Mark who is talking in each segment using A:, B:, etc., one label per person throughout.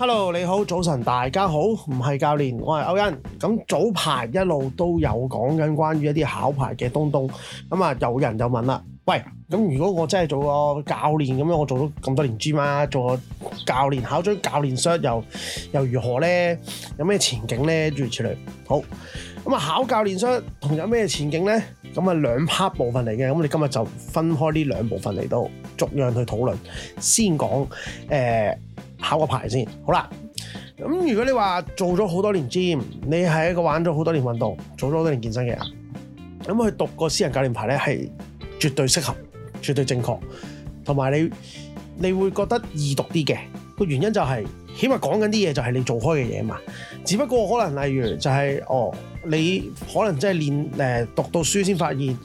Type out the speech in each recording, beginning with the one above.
A: Hello，你好，早晨，大家好，唔係教練，我係歐恩。咁早排一路都有講緊關於一啲考牌嘅東東，咁啊，有人就問啦，喂，咁如果我真係做個教練咁樣，我做咗咁多年 Gym 考個牌先，好啦。咁如果你話做咗好多年 gym，你係一個玩咗好多年運動，做咗好多年健身嘅人，咁去讀個私人教練牌咧，係絕對適合、絕對正確，同埋你你會覺得易讀啲嘅個原因就係，起碼講緊啲嘢就係你做開嘅嘢嘛。只不過可能例如就係，哦，你可能真係練誒讀到書先發現。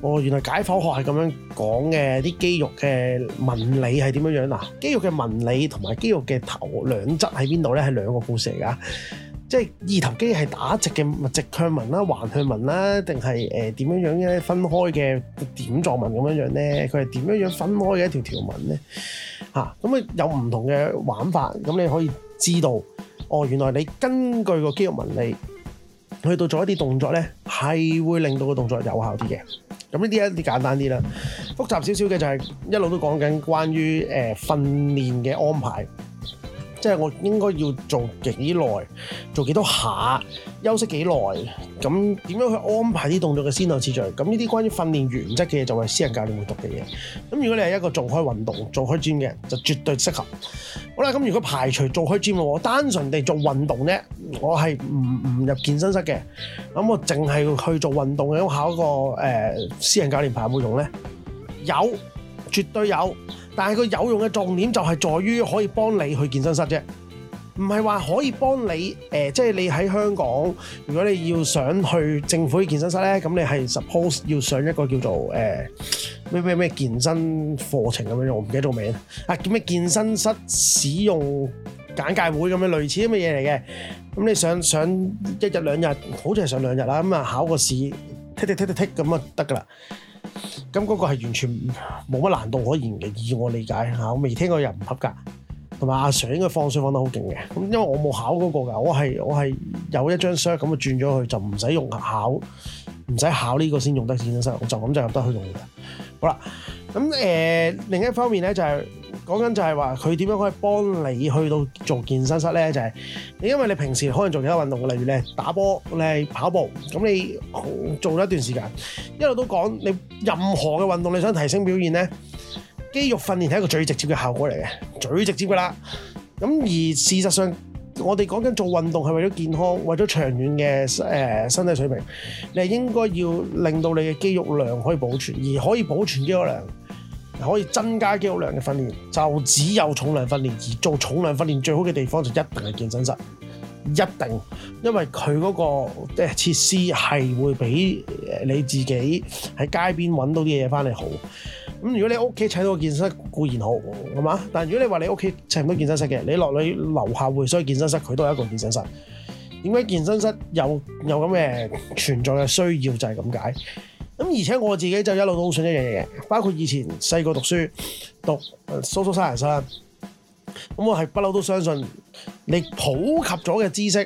A: 哦，原來解剖學係咁樣講嘅，啲肌肉嘅紋理係點樣樣嗱？肌肉嘅紋理同埋肌肉嘅頭兩側喺邊度咧？係兩個故事嚟噶，即係二頭肌係打直嘅，直向紋啦，橫向紋啦，定係誒點樣樣咧？分開嘅點狀紋咁樣樣咧，佢係點樣樣分開嘅一條條紋咧？嚇、啊，咁啊有唔同嘅玩法，咁你可以知道，哦，原來你根據個肌肉紋理去到做一啲動作咧，係會令到個動作有效啲嘅。咁呢啲一啲簡單啲啦，複雜少少嘅就係一路都講緊關於誒訓練嘅安排。即係我應該要做幾耐，做幾多下，休息幾耐，咁點樣去安排啲動作嘅先後次序？咁呢啲關於訓練原則嘅嘢就係私人教練會讀嘅嘢。咁如果你係一個做開運動、做開 gym 嘅人，就絕對適合。好啦，咁如果排除做開 gym 嘅話，我單純地做運動呢，我係唔唔入健身室嘅，咁我淨係去做運動嘅，有冇考一個、呃、私人教練牌會用咧？有。絕對有，但係佢有用嘅重點就係在於可以幫你去健身室啫，唔係話可以幫你誒，即係你喺香港，如果你要想去政府嘅健身室咧，咁你係 suppose 要上一個叫做誒咩咩咩健身課程咁樣，我唔記得咗名啊，叫咩健身室使用簡介會咁樣類似咁嘅嘢嚟嘅，咁你上上一日兩日，好似係上兩日啦，咁啊考個試，踢踢踢踢咁啊得㗎啦。咁、那、嗰個係完全冇乜難度可言嘅，以我理解吓我未聽過有人唔合格。同埋阿 Sir 應該放水放得好勁嘅，咁因為我冇考嗰、那個㗎，我係我係有一張 cert 咁啊轉咗去，就唔使用，用，用考用，唔使考呢個先用得健身室，我就咁就入得去用嘅。好啦，咁、呃、另一方面咧就係、是。講緊就係話佢點樣可以幫你去到做健身室呢？就係、是、你，因為你平時可能做其他運動，例如你打波、你跑步，咁你做咗一段時間，一路都講你任何嘅運動，你想提升表現呢，肌肉訓練係一個最直接嘅效果嚟嘅，最直接噶啦。咁而事實上，我哋講緊做運動係為咗健康，為咗長遠嘅誒、呃、身體水平，你係應該要令到你嘅肌肉量可以保存，而可以保存肌肉量。可以增加肌肉量嘅訓練，就只有重量訓練。而做重量訓練最好嘅地方就一定係健身室，一定，因為佢嗰個即係設施係會比你自己喺街邊揾到啲嘢翻嚟好。咁如果你屋企砌到個健身室固然好，係嘛？但如果你話你屋企砌唔到健身室嘅，你落去樓下會所健身室，佢都係一個健身室。點解健身室有有咁嘅存在嘅需要就係咁解？咁而且我自己就一路都好信一樣嘢，包括以前細個讀書讀蘇蘇三人山，咁我係不嬲都相信你普及咗嘅知識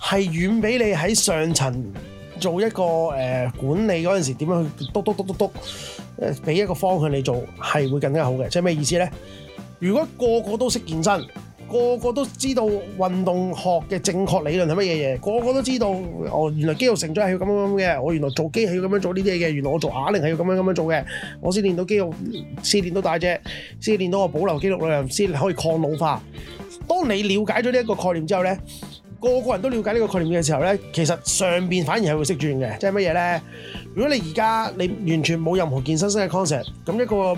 A: 係遠比你喺上層做一個誒管理嗰陣時點樣去督督督督督誒俾一個方向你做係會更加好嘅。即係咩意思咧？如果個個都識健身。個個都知道運動學嘅正確理論係乜嘢嘢，個個都知道哦，原來肌肉成長係要咁樣咁嘅，我原來做機器係要咁樣做呢啲嘢嘅，原來我做啞鈴係要咁樣咁樣做嘅，我先練到肌肉，先練到大隻，先練到我保留肌肉量，先可以抗老化。當你了解咗呢一個概念之後呢，個個人都了解呢個概念嘅時候呢，其實上邊反而係會識轉嘅，即係乜嘢呢？如果你而家你完全冇任何健身式嘅 concept，咁一個，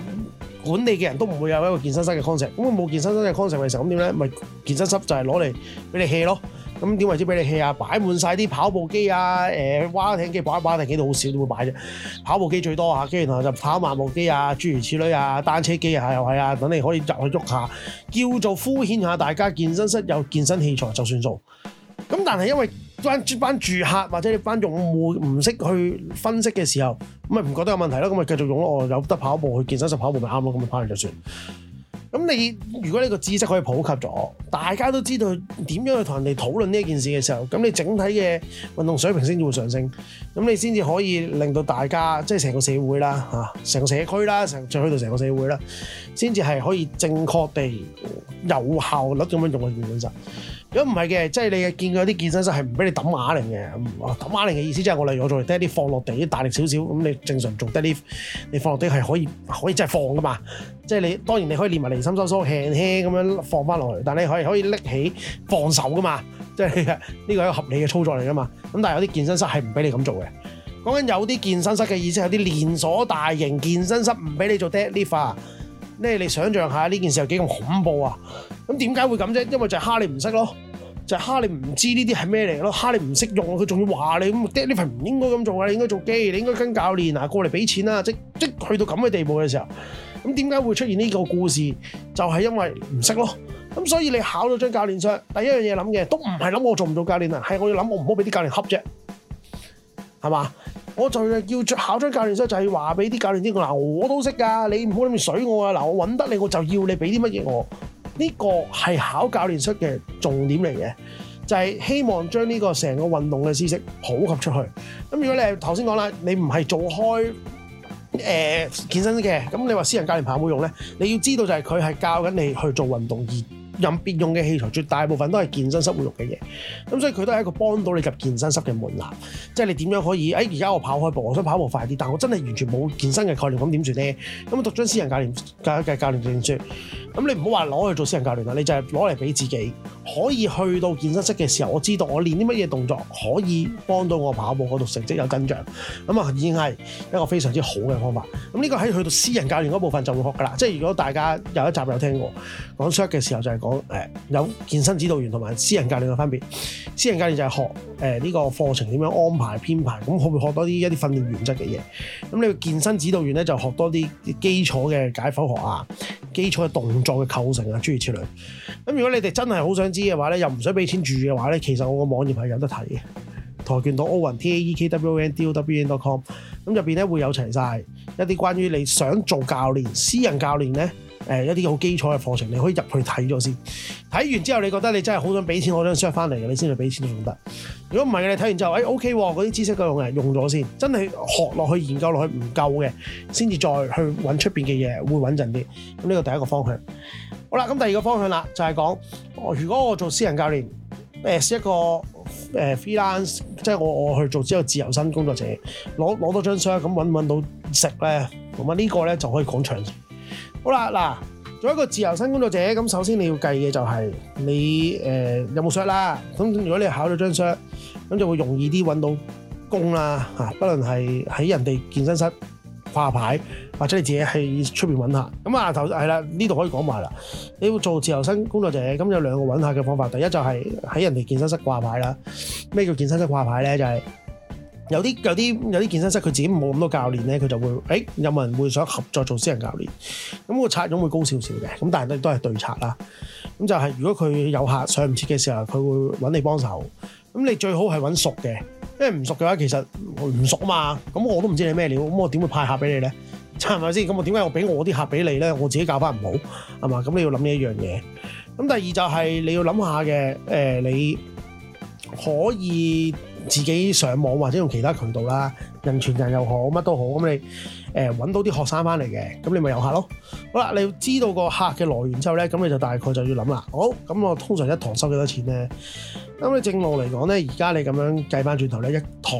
A: 管理嘅人都唔會有一個健身室嘅 concept，咁啊冇健身室嘅 concept 為成，咁點咧？咪健身室就係攞嚟俾你 hea 咯。咁點為之俾你 hea 啊？擺滿晒啲跑步機啊，誒、呃，蛙艇機，擺蛙艇機都好少都會擺啫。跑步機最多吓，跟住然後就跑慢步機啊，諸如此類啊，單車機啊，又係啊，等你可以入去喐下，叫做敷衍下大家。健身室有健身器材就算數。咁但係因為班班住客或者你班用戶唔識去分析嘅時候，咁咪唔覺得有問題咯？咁咪繼續用咯。我有得跑步去健身室跑步咪啱咯。咁咪跑完就算了。咁你如果呢個知識可以普及咗，大家都知道點樣去同人哋討論呢一件事嘅時候，咁你整體嘅運動水平先至會上升。咁你先至可以令到大家即係成個社會啦，嚇成個社區啦，成再去到成個社會啦，先至係可以正確地有效率咁樣用個健身。如果唔係嘅，即係你見佢啲健身室係唔俾你揼啞鈴嘅。揼啞鈴嘅意思即係我例如我做 deadlift 放落地啲大力少少，咁你正常做 deadlift，你放落地係可以可以即係放噶嘛。即係你當然你可以練埋離心收縮輕輕咁樣放翻落去，但係你可以可以拎起放手噶嘛。即係呢個係一個合理嘅操作嚟噶嘛。咁但係有啲健身室係唔俾你咁做嘅。講緊有啲健身室嘅意思係啲連鎖大型健身室唔俾你做 deadlift 啊。你想像下呢件事有幾咁恐怖啊？咁點解會咁啫？因為就係蝦你唔識咯，就係、是、蝦你唔知呢啲係咩嚟咯，蝦你唔識用佢仲要話你咁，你唔應該咁做啊，你應該做機，你應該跟教練啊，過嚟俾錢啊，即即，即去到咁嘅地步嘅時候，咁點解會出現呢個故事？就係、是、因為唔識咯。咁所以你考到張教練證，第一樣嘢諗嘅都唔係諗我做唔做教練啊，係我，我要諗我唔好俾啲教練恰啫，係嘛？我就係要考張教練證，就係話俾啲教練知，嗱我都識㗎，你唔好諗住水我啊！嗱，我揾得你，我就要你俾啲乜嘢我。呢、這個係考教練證嘅重點嚟嘅，就係、是、希望將呢個成個運動嘅知識普及出去。咁如果你係頭先講啦，你唔係做開、呃、健身嘅，咁你話私人教練牌有冇用咧？你要知道就係佢係教緊你去做運動而。任便用嘅器材，絕大部分都係健身室會用嘅嘢，咁所以佢都係一個幫到你入健身室嘅門檻，即係你點樣可以，誒、哎，而家我跑開步，我想跑步快啲，但我真係完全冇健身嘅概念，咁點算咧？咁我讀張私人教練、教嘅教練證書，咁你唔好話攞去做私人教練啦，你就係攞嚟俾自己。可以去到健身室嘅時候，我知道我練啲乜嘢動作可以幫到我跑步嗰度成績有增長，咁啊已經係一個非常之好嘅方法。咁呢個喺去到私人教練嗰部分就會學噶啦。即係如果大家有一集有聽過講 short 嘅時候就，就係講誒有健身指導員同埋私人教練嘅分別，私人教練就係學誒呢、呃這個課程點樣安排編排，咁佢會學多啲一啲訓練原則嘅嘢。咁你去健身指導員咧就學多啲基礎嘅解剖學啊，基礎嘅動作嘅構成啊，諸如此類，咁如果你哋真係好想知道，啲嘅話咧，又唔想俾錢住嘅話咧，其實我個網頁係有得睇嘅。跆拳道 Owen taekwondowen.com。咁入邊咧會有齊晒一啲關於你想做教練、私人教練咧，誒、呃、一啲好基礎嘅課程，你可以入去睇咗先。睇完之後你覺得你真係好想俾錢，我想 share 翻嚟嘅，你先至俾錢用得。如果唔係嘅，你睇完之後，誒、哎、OK，嗰啲知識夠用嘅，用咗先，真係學落去、研究落去唔夠嘅，先至再去揾出邊嘅嘢會穩陣啲。咁呢個第一個方向。好啦，咁第二個方向啦，就係講，如果我做私人教練，誒係一個誒 freelance，即係我我去做呢個自由身工作者，攞攞多張 cert，咁揾揾到食咧，同埋呢個咧就可以講長。好啦，嗱，做一個自由身工作者，咁首先你要計嘅就係你誒有冇 cert 啦。咁如果你考到張 cert，咁就會容易啲揾到工啦，嚇，不論係喺人哋健身室掛牌。或者你自己喺出邊揾下咁啊？頭係啦，呢度可以講埋啦。你要做自由身工作者，咁有兩個揾客嘅方法。第一就係喺人哋健身室掛牌啦。咩叫健身室掛牌咧？就係有啲有啲有啲健身室佢自己冇咁多教練咧，佢就會誒有冇人會想合作做私人教練？咁個拆賬會高少少嘅，咁但係都都係對拆啦。咁就係如果佢有客上唔切嘅時候，佢會揾你幫手。咁你最好係揾熟嘅，因為唔熟嘅話其實唔熟啊嘛。咁我都唔知你咩料，咁我點會派客俾你咧？係咪先？咁我點解我俾我啲客俾你咧？我自己教翻唔好係嘛？咁你要諗呢一樣嘢。咁第二就係你要諗下嘅，呃、你可以自己上網或者用其他渠道啦，人傳人又好，乜都好。咁你呃、搵到啲學生翻嚟嘅，咁你咪有客咯。好啦，你要知道個客嘅來源之後咧，咁你就大概就要諗啦。好，咁我通常一堂收幾多錢咧？咁你正路嚟講咧，而家你咁樣計翻轉頭咧，一堂。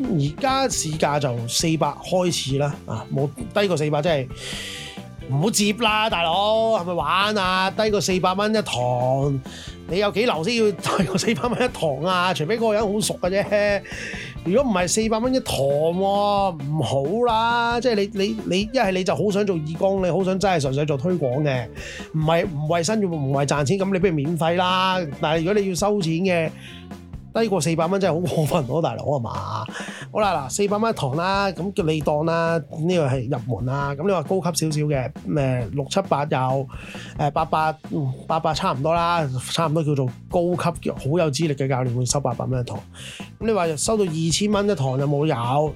A: 而家市價就四百開始啦，啊冇低過四百，真係唔好接啦，大佬係咪玩啊？低過四百蚊一堂，你有幾樓先要低過四百蚊一堂啊？除非嗰個人好熟嘅啫。如果唔係四百蚊一堂喎、啊，唔好啦。即係你你你一係你就好想做義工，你好想真係純粹做推廣嘅，唔係唔為生意，唔為賺錢，咁你不如免費啦。但係如果你要收錢嘅。低過四百蚊真係好過分喎、啊，大佬啊嘛？好啦嗱，四百蚊一堂啦，咁叫你當啦，呢、呢個係入門啦。咁你話高級少少嘅，誒六七百？有，誒八百八百差唔多啦，差唔多叫做高級。好有資歷嘅教練會收八百蚊一堂。咁你話收到二千蚊一堂有冇有？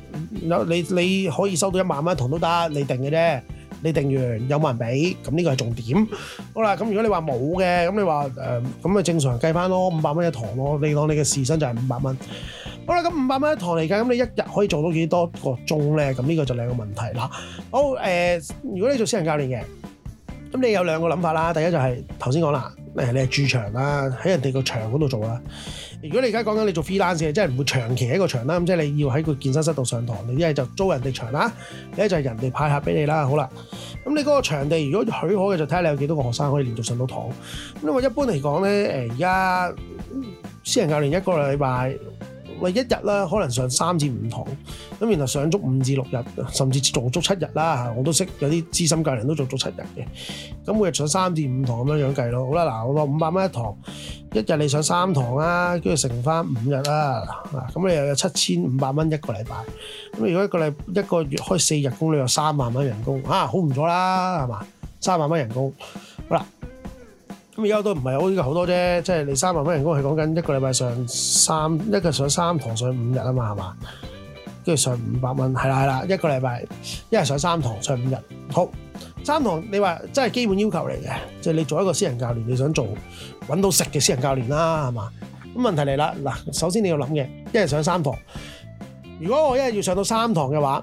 A: 有，你你可以收到元一萬蚊一堂都得，你定嘅啫。你定完有冇人俾？咁呢個係重點。好啦，咁如果你話冇嘅，咁你話誒咁咪正常計翻咯，五百蚊一堂咯。你當你嘅時薪就係五百蚊。好啦，咁五百蚊一堂嚟計，咁你一日可以做到幾多個鐘咧？咁呢個就兩個問題啦。好誒，如果你做私人教練嘅，咁你有兩個諗法啦。第一就係頭先講啦，誒你係駐場啦，喺人哋個場嗰度做啦。如果你而家講緊你做 freelancer，即係唔會長期喺個場啦，咁即係你要喺個健身室度上堂，你一係就租人哋場啦，一就係人哋派客俾你啦，好啦。咁你嗰個場地如果許可嘅，就睇下你有幾多個學生可以連續上到堂。咁因為一般嚟講咧，誒而家私人教練一個禮拜。喂，一日啦，可能上三至五堂，咁然後上足五至六日，甚至做足七日啦，我都識有啲資深教練都做足七日嘅。咁每日上三至五堂咁樣樣計咯，好啦，嗱，我五百蚊一堂，一日你上三堂啦，跟住乘翻五日啦，咁你又有七千五百蚊一個禮拜。咁如果一個禮一個月開四日工，你有三萬蚊人工，啊，好唔錯啦，係嘛？三萬蚊人工，好啦。咁而家都唔係好依家好多啫，即係你三萬蚊人工係講緊一個禮拜上三一個上三堂上五日啊嘛，係嘛？跟住上五百蚊係啦係啦，一個禮拜一日上三堂上五日，好三堂你話真係基本要求嚟嘅，即係你做一個私人教練你想做揾到食嘅私人教練啦，係嘛？咁問題嚟啦，嗱，首先你要諗嘅一日上三堂，如果我一日要上到三堂嘅話，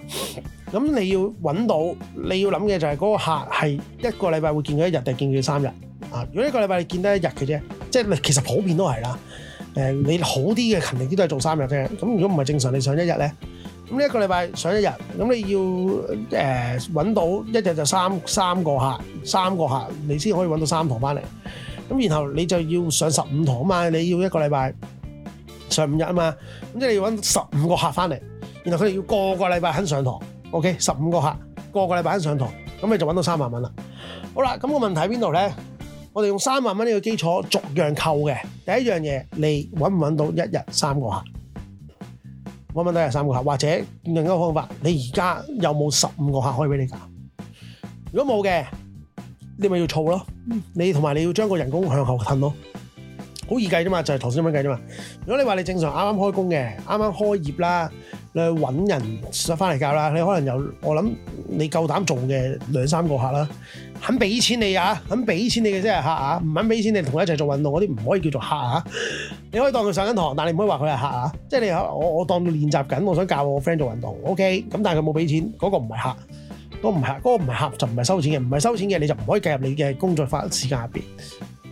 A: 咁你要揾到你要諗嘅就係嗰個客係一個禮拜會見佢一日定見佢三日？啊！如果一個禮拜你見得一日嘅啫，即係其實普遍都係啦。誒、呃，你好啲嘅勤力啲都係做三日啫。咁如果唔係正常，你上一日咧？咁呢一個禮拜上一日，咁你要誒揾、呃、到一日就三三個客，三個客你先可以揾到三堂翻嚟。咁然後你就要上十五堂啊嘛，你要一個禮拜上五日啊嘛，咁即係你要揾十五個客翻嚟。然後佢哋要個個禮拜肯上堂，OK，十五個客個個禮拜肯上堂，咁你就揾到三萬蚊啦。好啦，咁、那個問題喺邊度咧？我哋用三萬蚊呢個基礎，逐樣扣嘅。第一樣嘢，你揾唔揾到一日三個客，揾唔揾到日三個客？或者另一個方法，你而家有冇十五個客可以俾你搞？如果冇嘅，你咪要燥咯。嗯、你同埋你要將個人工向後褪咯，好易計啫嘛，就係頭先咁樣計啫嘛。如果你話你正常啱啱開工嘅，啱啱開業啦。你去揾人翻嚟教啦，你可能有我諗你夠膽做嘅兩三個客啦，肯俾錢你啊，肯俾錢你嘅即係客啊，唔肯俾錢你同佢一齊做運動嗰啲唔可以叫做客啊。你可以當佢上緊堂，但你唔可以話佢係客啊。即係你我我當佢練習緊，我想教我 friend 做運動，OK。咁、OK? 但係佢冇俾錢，嗰、個唔係客，都唔係客，嗰、個唔係客，嗰個唔係客就唔係收錢嘅，唔係收錢嘅你就唔可以計入你嘅工作花時間入邊。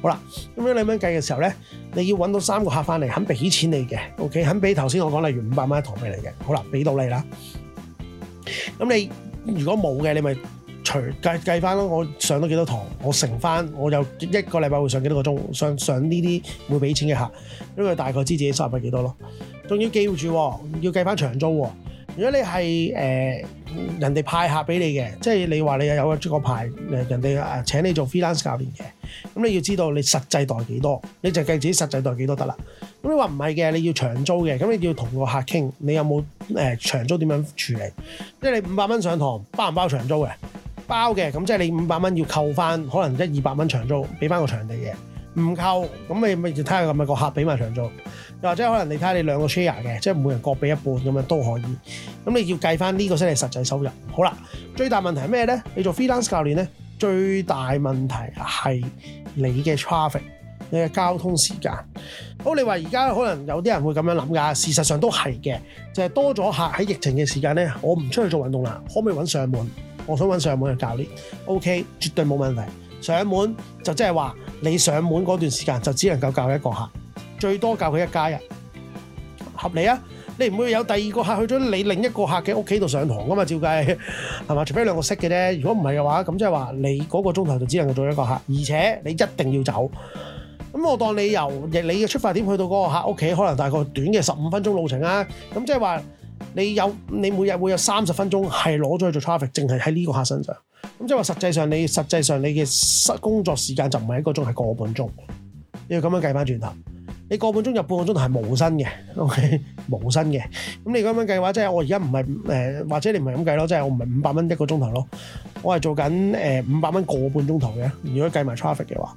A: 好啦，咁樣你咪計嘅時候咧，你要搵到三個客翻嚟肯俾錢你嘅，OK，肯俾頭先我講例如五百蚊一堂俾你嘅，好啦，俾到你啦。咁你如果冇嘅，你咪除計計翻咯。我上咗幾多堂，我乘翻，我又一個禮拜會上幾多個鐘上上呢啲會俾錢嘅客，因為大概知自己收入係幾多咯。仲要記住，要計翻長租。如果你係誒、呃、人哋派客俾你嘅，即係你話你有個出牌誒人哋誒請你做 freelance 教練嘅，咁你要知道你實際袋幾多，你就計自己實際袋幾多得啦。咁你話唔係嘅，你要長租嘅，咁你要同個客傾，你有冇誒、呃、長租點樣處理？即係你五百蚊上堂包唔包長租嘅？包嘅，咁即係你五百蚊要扣翻可能一二百蚊長租俾翻個場地嘅。唔夠咁，你咪睇下咁咪個客俾埋場租，又或者可能你睇下你兩個 share 嘅，即係每人各俾一半咁樣都可以。咁你要計翻呢、這個先係實際收入。好啦，最大問題係咩咧？你做 freelance 教練咧，最大問題係你嘅 traffic，你嘅交通時間。好，你話而家可能有啲人會咁樣諗㗎，事實上都係嘅，就係、是、多咗客喺疫情嘅時間咧，我唔出去做運動啦，可唔可以揾上門？我想搵上門嘅教練，OK，絕對冇問題。上門就即係話。你上門嗰段時間就只能夠教一個客，最多教佢一家人，合理啊！你唔會有第二個客去咗你另一個客嘅屋企度上堂啊嘛？照計係嘛？除非兩個識嘅啫。如果唔係嘅話，咁即係話你嗰個鐘頭就只能夠做一個客，而且你一定要走。咁我當你由你嘅出發點去到嗰個客屋企，可能大概短嘅十五分鐘路程啊。咁即係話你有你每日會有三十分鐘係攞咗去做 traffic，淨係喺呢個客身上。咁即係話實際上你實際上你嘅工作時間就唔係一個鐘係個半鐘，你要咁樣計翻轉頭，你個半鐘入半個鐘頭係無薪嘅，OK 無薪嘅。咁你咁樣計嘅話，即係我而家唔係誒，或者你唔係咁計咯，即係我唔係五百蚊一個鐘頭咯，我係做緊誒五百蚊個半鐘頭嘅。如果計埋 traffic 嘅話，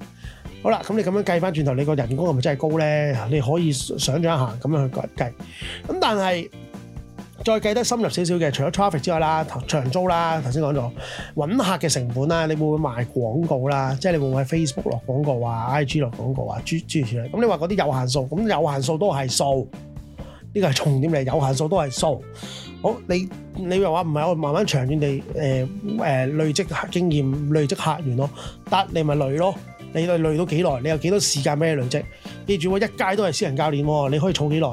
A: 好啦，咁你咁樣計翻轉頭，你個人工係咪真係高咧？你可以想像一下咁樣去計，咁但係。再計得深入少少嘅，除咗 traffic 之外啦，長租啦，頭先講咗，揾客嘅成本啦，你會唔會賣廣告啦？即係你會唔會喺 Facebook 落廣告啊、IG 落廣告啊、諸諸如此類？咁你話嗰啲有限數，咁有限數都係數，呢個係重點嚟，有限數都係數。好，你你又話唔係我慢慢長遠地誒誒累積經驗、累積客源咯？得你咪累咯，你累累到幾耐？你有幾多時間俾你累積？記住喎，一街都係私人教練喎，你可以儲幾耐？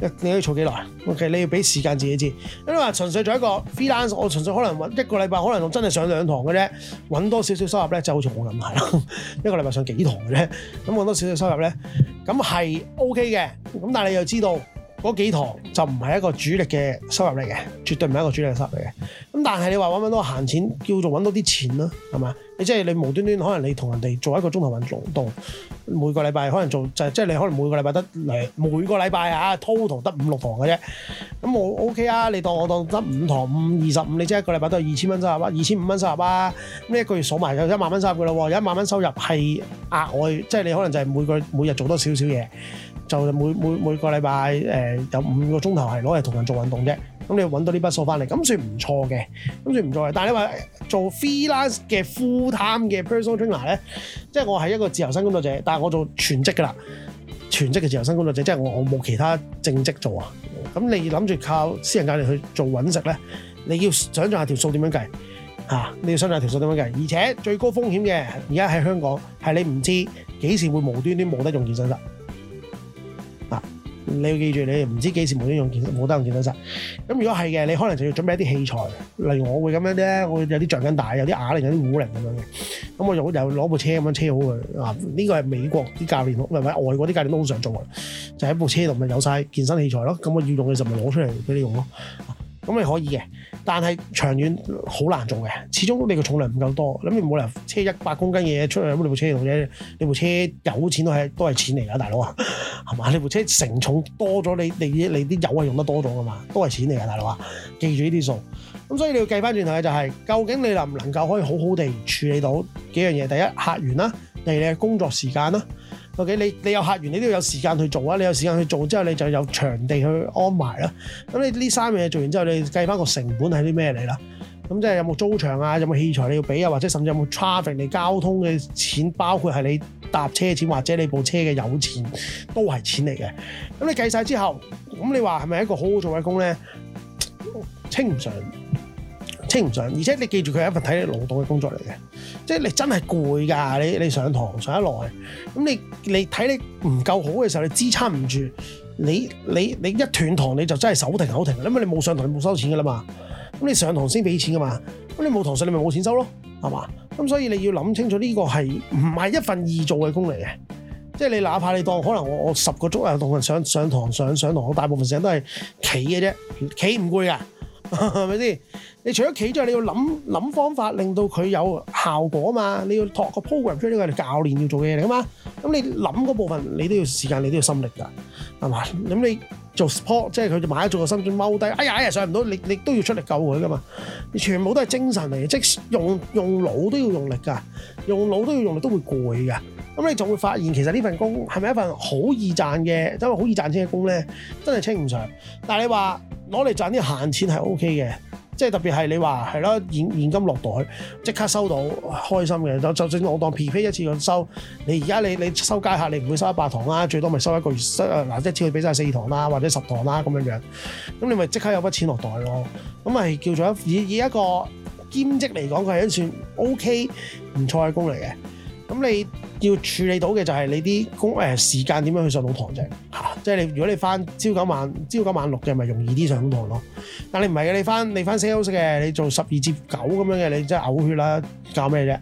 A: 你可以儲幾耐？OK，你要俾時間自己知。咁你話純粹做一個 freelance，我純粹可能一個禮拜，可能真係上兩堂嘅啫，揾多少少收入咧，就好似我咁係咯。 一個禮拜上幾堂嘅啫，咁揾多少少收入咧，咁係 OK 嘅。咁但係你又知道。嗰幾堂就唔係一個主力嘅收入嚟嘅，絕對唔係一個主力嘅收入嚟嘅。咁但係你話揾唔揾到閒錢叫做揾到啲錢咯，係嘛？你即係你無端端可能你同人哋做一個鐘頭運動，每個禮拜可能做就係即係你可能每個禮拜得嚟每個禮拜啊，total 得五六堂嘅啫。咁我 OK 啊，你當我當得五堂五二十五，5, 25，你即係一個禮拜得二千蚊收入啊，二千五蚊收入啊。咁一個月數埋就一萬蚊收入噶啦喎，有一萬蚊收入係額外，即係你可能就係每個每日做多少少嘢。就每每每個禮拜誒、呃、有五個鐘頭係攞嚟同人做運動啫。咁你要揾到呢筆數翻嚟，咁算唔錯嘅，咁算唔錯嘅。但係你話做 freelance 嘅 full time 嘅 personal trainer 咧，即、就、係、是、我係一個自由身工作者，但係我做全職㗎啦，全職嘅自由身工作者，即、就、係、是、我冇其他正職做啊。咁你諗住靠私人教練去做揾食咧，你要想象下條數點樣計嚇、啊？你要想象下條數點樣計？而且最高風險嘅而家喺香港係你唔知幾時會無端端冇得用健身室。你要記住，你唔知幾時冇得用健身，冇得用健身室。咁如果係嘅，你可能就要準備一啲器材。例如我會咁樣啫，我會有啲橡筋帶，有啲啞鈴，有啲壺鈴咁樣嘅。咁我就又攞部車咁樣車好佢。啊，呢個係美國啲教練，唔係咪？外國啲教練都好常做嘅，就喺部車度咪有晒健身器材咯。咁我要用嘅就咪攞出嚟俾你用咯。啊。咁你可以嘅，但係長遠好難做嘅。始終你個重量唔夠多，咁你冇理由車一百公斤嘢出嚟，咁你部車度啫。你部車有錢都係都係錢嚟噶，大佬啊，係嘛？你部車成重多咗，你你你啲油係用得多咗噶嘛，都係錢嚟噶，大佬啊！記住呢啲數咁，所以你要計翻轉頭就係、是、究竟你能唔能夠可以好好地處理到幾樣嘢？第一，客源啦；第二，你嘅工作時間啦。o、okay? 你你有客源，你都要有時間去做啊！你有時間去做之後，你就有場地去安排啦。咁你呢三樣嘢做完之後，你計翻個成本係啲咩嚟啦？咁即係有冇租場啊？有冇器材你要俾啊？或者甚至有冇 traffic 你交通嘅錢，包括係你搭車錢或者你部車嘅油錢，都係錢嚟嘅。咁你計晒之後，咁你話係咪一個好好做嘅工咧？清唔上？唔，而且你記住佢係一份體力勞動嘅工作嚟嘅，即係你真係攰㗎。你你上堂上一耐，咁你你體力唔夠好嘅時候，你支撐唔住，你你你一斷堂你就真係手停口停，因為你冇上堂你冇收錢㗎啦嘛。咁你上堂先俾錢㗎嘛，咁你冇堂上你咪冇錢收咯，係嘛？咁所以你要諗清楚呢個係唔係一份易做嘅工嚟嘅，即係你哪怕你當可能我我十個鐘啊同人上上堂上上堂，我大部分時間都係企嘅啫，企唔攰㗎，係咪先？你除咗企之外，你要諗諗方法令到佢有效果啊嘛！你要托個 program 出嚟，呢個係教練要做嘅嘢嚟噶嘛。咁你諗嗰部分，你都要時間，你都要心力噶，係嘛？咁你做 sport，即係佢就買咗做個深蹲踎低，哎呀哎呀上唔到，你你都要出嚟救佢噶嘛。你全部都係精神嚟嘅，即係用用腦都要用力噶，用腦都要用力，用都，要用力都會攰噶。咁你就會發現，其實呢份工係咪一份好易賺嘅，即係好易賺錢嘅工咧，真係稱唔上。但你話攞嚟賺啲閒錢係 OK 嘅。即係特別係你話係咯，現現金落袋即刻收到開心嘅，就就算我當 P P 一次咁收你，而家你你收街客，你唔會收一百堂啦，最多咪收一個月收嗱一次，佢俾晒四堂啦或者十堂啦，咁樣樣咁你咪即刻有筆錢落袋咯，咁咪叫做以以一個兼職嚟講佢係一算 O K 唔錯嘅工嚟嘅咁你。要處理到嘅就係你啲工誒時間點樣去上到堂啫嚇，即係你如果你翻朝九晚朝九晚六嘅咪容易啲上到堂咯，但你唔係嘅，你翻你翻 sales 嘅，你做十二至九咁樣嘅，你真係嘔血啦，教咩啫？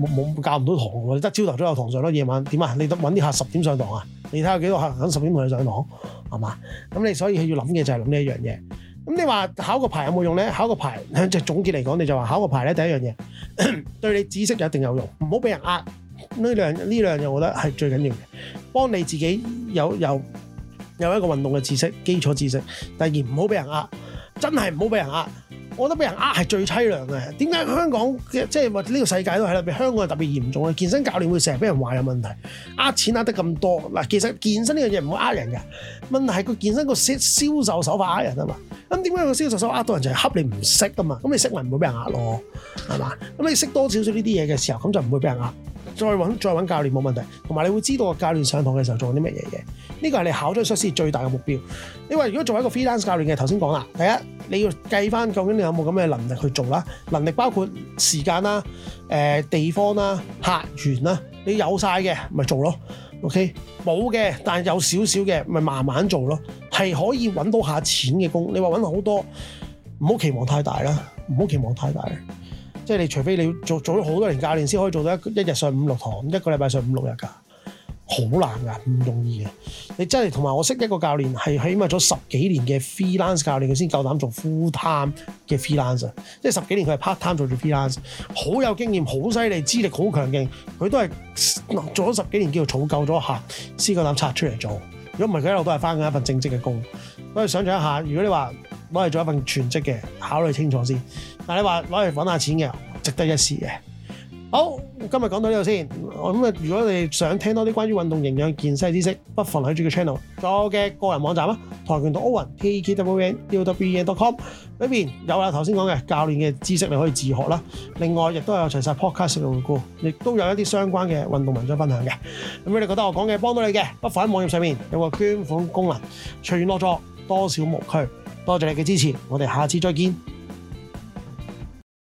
A: 冇冇教唔到堂喎，你得朝頭都有堂上咯，夜晚點啊？你得揾啲客十點上堂啊？你睇下幾多客揾十點同你上堂係嘛？咁你所以要諗嘅就係諗呢一樣嘢。咁你話考個牌有冇用咧？考個牌即係總結嚟講，你就話考個牌咧第一樣嘢 對你知識就一定有用，唔好俾人呃。呢兩呢兩樣，我覺得係最緊要嘅，幫你自己有有有一個運動嘅知識基礎知識，第二唔好俾人呃，真係唔好俾人呃。我覺得俾人呃係最淒涼嘅。點解香港嘅即係呢個世界都係啦，香港係特別嚴重嘅。健身教練會成日俾人話有問題，呃錢呃得咁多嗱。其實健身呢樣嘢唔會呃人嘅，問題係個健身個銷售手法呃人啊嘛。咁點解個銷售手法呃到人就係恰你唔識啊嘛？咁你識咪唔會俾人呃咯，係嘛？咁你識多少少呢啲嘢嘅時候，咁就唔會俾人呃。再揾，再揾教練冇問題，同埋你會知道個教練上堂嘅時候做緊啲乜嘢嘅。呢個係你考咗出師最大嘅目標。你話如果作為一個 freelance 教練嘅，頭先講啦，第一你要計翻究竟你有冇咁嘅能力去做啦。能力包括時間啦、啊呃、地方啦、啊、客源啦。你有晒嘅咪做咯，OK？冇嘅，但有少少嘅咪慢慢做咯，係可以揾到下錢嘅工。你話揾好多，唔好期望太大啦，唔好期望太大。即係你除非你做做咗好多年教練，先可以做到一一日上五六堂，一個禮拜上五六日㗎，好難㗎，唔容易嘅。你真係同埋我識一個教練，係起碼咗十幾年嘅 freelance 教練，佢先夠膽做 full time 嘅 freelance，即係十幾年佢係 part time 做住 freelance，好有經驗，好犀利，資歷好強勁。佢都係做咗十幾年，叫做儲夠咗客，先夠膽拆出嚟做。如果唔係，佢一路都係翻緊一份正職嘅工。所以想象一下，如果你話，攞嚟做一份全職嘅，考慮清楚先。但係你話攞嚟揾下錢嘅，值得一試嘅。好，今日講到呢度先。咁啊，如果你哋想聽多啲關於運動營養、健細知識，不妨嚟住個 channel。在我嘅個人網站啊，跆拳道 own t k w n u w n dot com 呢邊有啊。頭先講嘅教練嘅知識你可以自學啦。另外亦都有齊晒 podcast 嘅回顧，亦都有一啲相關嘅運動文章分享嘅。咁你覺得我講嘅幫到你嘅，不妨喺網頁上面有個捐款功能。隨緣落咗多少無拘。多謝你嘅支持，我哋下次再見。